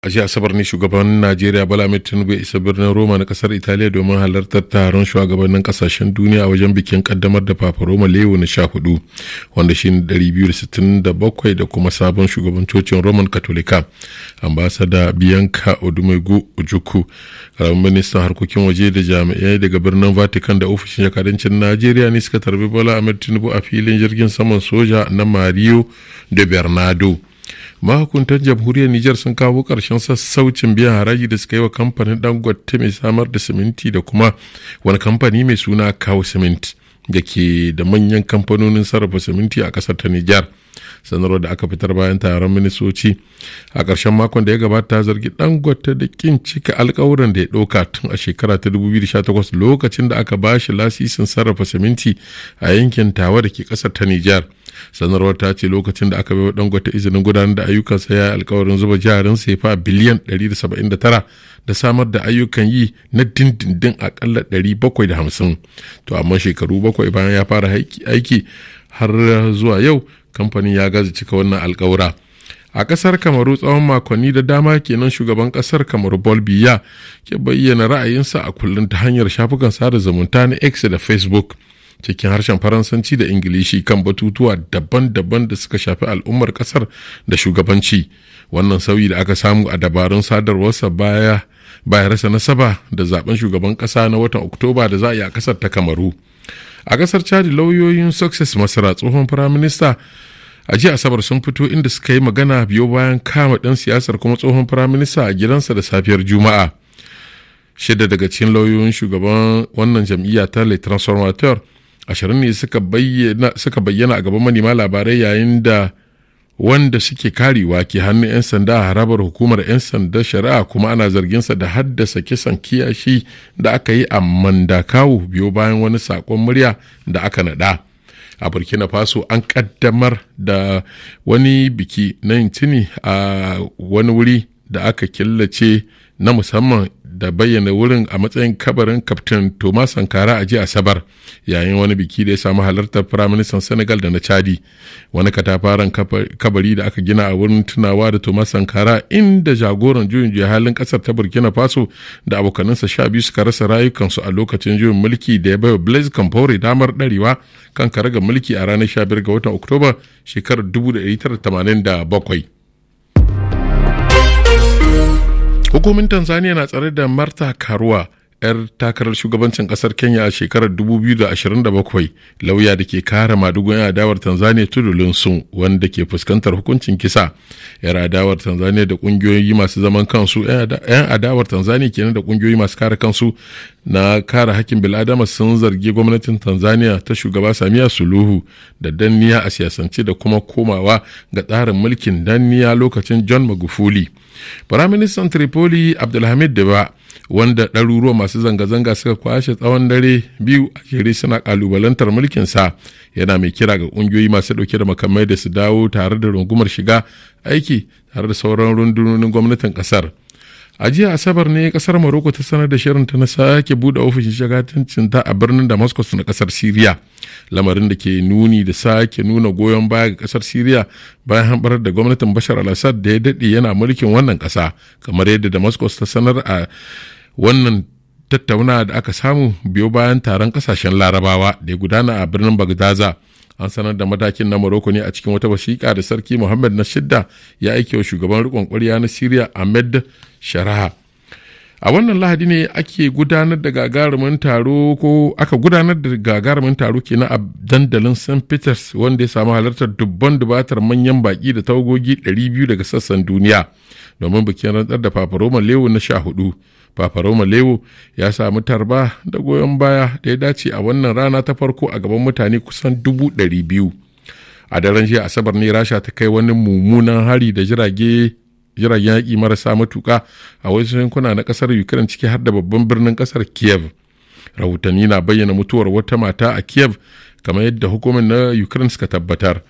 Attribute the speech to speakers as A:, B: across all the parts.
A: a shi asabar ne shugaban najeriya bala tinubu ya isa birnin roma na kasar italiya domin halartar taron shugabannin kasashen duniya a wajen bikin kaddamar da papa roma leo na sha hudu wanda shi ne biyu da kuma sabon shugaban cocin roman katolika ambasada bianca odumegu ujuku karamin ministan harkokin waje da jami'ai daga birnin vatican da ofishin jakadancin najeriya ne suka tarbi bala tinubu a filin jirgin saman soja na mario da bernardo mahukuntan jamhuriyar Nijar sun kawo ƙarshen sassaucin biyan haraji da suka yi wa kamfanin dangote mai samar da siminti da kuma wani kamfani mai suna kawo siminti da ke da manyan kamfanonin sarrafa siminti a ƙasar ta Nijar. sanarwar da aka fitar bayan taron ministoci a ƙarshen makon da ya gabata zargi dangote da kin cika alkawuran da ya ɗauka tun a shekara ta 2018 lokacin da aka ba shi lasisin sarrafa siminti a yankin tawa da ke ƙasar ta Nijar. sanarwar ta ce lokacin da aka bai wa dangote izinin gudanar da ayyukan sa ya alkawarin zuba jarin sefa biliyan 179 da samar da ayyukan yi na dindindin akalla 750 to amma shekaru bakwai bayan ya fara aiki har zuwa yau kamfanin ya gaza cika wannan alkawura a kasar kamaru tsawon makonni da dama kenan shugaban kasar kamaru bolbiya ke bayyana ra'ayinsa a kullum ta hanyar shafukan sada zumunta na x da facebook cikin harshen faransanci da ingilishi kan batutuwa daban-daban da suka shafi al'ummar kasar da shugabanci wannan sauyi da aka samu a dabarun sadarwarsa baya baya rasa nasaba da zaben shugaban kasa na watan oktoba da za a yi a kasar ta kamaru a kasar chadi lauyoyin success masara tsohon firaminista a jiya asabar sun fito inda suka yi magana biyo bayan kama dan siyasar kuma tsohon firaminista a gidansa da safiyar juma'a shida daga cikin lauyoyin shugaban wannan jam'iyya ta le transformateur ashirin ne suka bayyana a gaban manema labarai yayin da wanda suke karewa ke hannun 'yan sanda a harabar hukumar 'yan sanda shari'a kuma ana zarginsa da haddasa kisan kiyashi da aka yi a mandakawu biyo bayan wani saƙon murya da aka naɗa a burkina faso an ƙaddamar da wani biki na tuni a wani wuri da aka killace na musamman da bayyana wurin a matsayin kabarin kaftin thomas Sankara a jiya Asabar yayin wani biki da ya samu halartar Firaministan Senegal da na Chadi wani katafaren kabari da aka gina a wurin tunawa da thomas Sankara inda jagoran juyin juya halin kasar ta Burkina Faso da abokanansa sha biyu suka rasa rayukansu a lokacin juyin mulki da ya baiwa Blaise Compaoré damar ɗarewa kan karagar mulki a ranar 15 ga watan Oktoba shekarar 1987. hukumin tanzania na tsare da marta karuwa 'yar takarar shugabancin kasar kenya a shekarar 2027 lauya da ke kare madugun adawar tanzania tudu sun wanda ke fuskantar hukuncin kisa 'yar adawar tanzania da kungiyoyi masu zaman kansu 'yan adawar tanzania kenan da kungiyoyi masu kare kansu na kare hakkin bil'adama sun zargi gwamnatin tanzania ta shugaba samiya suluhu da danniya a siyasance da kuma komawa ga tsarin mulkin danniya lokacin john magufuli firaministan tripoli abdulhamid deba wanda ɗaruruwa masu zanga-zanga suka kwashe tsawon dare biyu a jere suna kalubalantar mulkin sa yana mai kira ga ƙungiyoyi masu ɗauke da makamai da su dawo tare da rungumar shiga aiki tare da sauran rundunonin gwamnatin ƙasar. a jiya asabar ne ƙasar maroko ta sanar da shirinta na sake buɗe ofishin shagatancin ta a birnin damascus na kasar syria lamarin da ke nuni da sake nuna goyon baya ga ƙasar syria bayan hambar da gwamnatin bashar al-assad da ya daɗe yana mulkin wannan ƙasa kamar yadda damascus ta sanar a wannan tattauna da aka samu biyo bayan taron kasashen larabawa da ya gudana a birnin bagdaza an sanar da matakin na morocco ne a cikin wata wasiƙa da sarki muhammad na shidda ya aike wa shugaban rikon ƙwarya na syria ahmed sharaha a wannan lahadi ne ake gudanar da gagarumin taro ko aka gudanar da gagarumin taro kenan a dandalin st peters wanda ya samu halartar dubban dubatar manyan baki da tawagogi 200 daga sassan duniya domin bikin rantsar da fafaroman lewu na sha hudu Fafaroma Lewu ya samu tarba da goyon baya da ya dace a wannan rana ta farko a gaban mutane kusan dubu ɗari biyu. A daren jiya Asabar ne Rasha ta kai wani mummunan hari da jirage jiragen yaƙi marasa matuƙa a wasu yankuna na ƙasar Ukraine ciki har da babban birnin ƙasar Kiev. Rahotanni na bayyana mutuwar wata mata a Kiev kamar yadda hukumar na Ukraine suka tabbatar.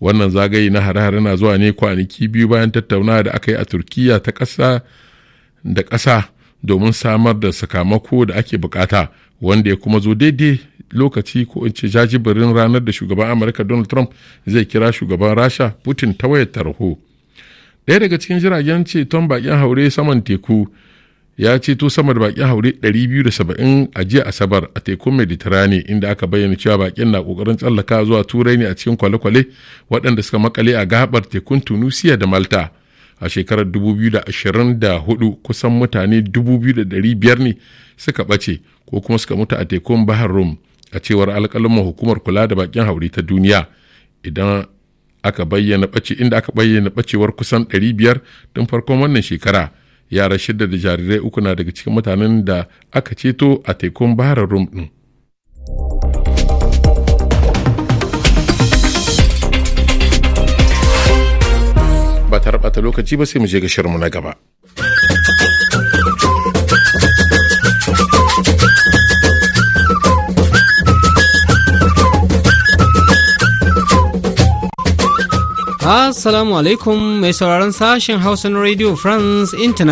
A: Wannan zagaye na hare-hare na zuwa ne kwanaki biyu bayan tattaunawa da aka yi a Turkiyya ta ƙasa da ƙasa domin samar da sakamako da ake bukata wanda ya kuma zo daidai lokaci ko in ce jajibirin ranar da shugaban amurka donald trump zai kira shugaban rasha putin ta wayar tarho ɗaya daga cikin jiragen ceton bakin haure saman teku ya ceto sama da bakin haure 270 a jiya asabar a tekun mediterane inda aka bayyana cewa bakin na kokarin tsallaka zuwa turai ne a cikin kwale-kwale waɗanda suka makale a gabar tekun tunisia da malta a shekarar 2024 kusan mutane 2,500 ne suka ɓace ko kuma suka mutu a tekun bahar rum a cewar alƙalin hukumar kula da bakin hauri ta duniya idan aka bayyana ɓace inda aka bayyana ɓacewar kusan 500 tun farkon wannan shekara yara shida da jarirai uku na daga cikin mutanen da aka ceto a tekun bahar rum ɗin. lokaci ba sai mu je ga shirmu na gaba. Assalamu alaikum mai sauraron sashen Hausa na Radio France International.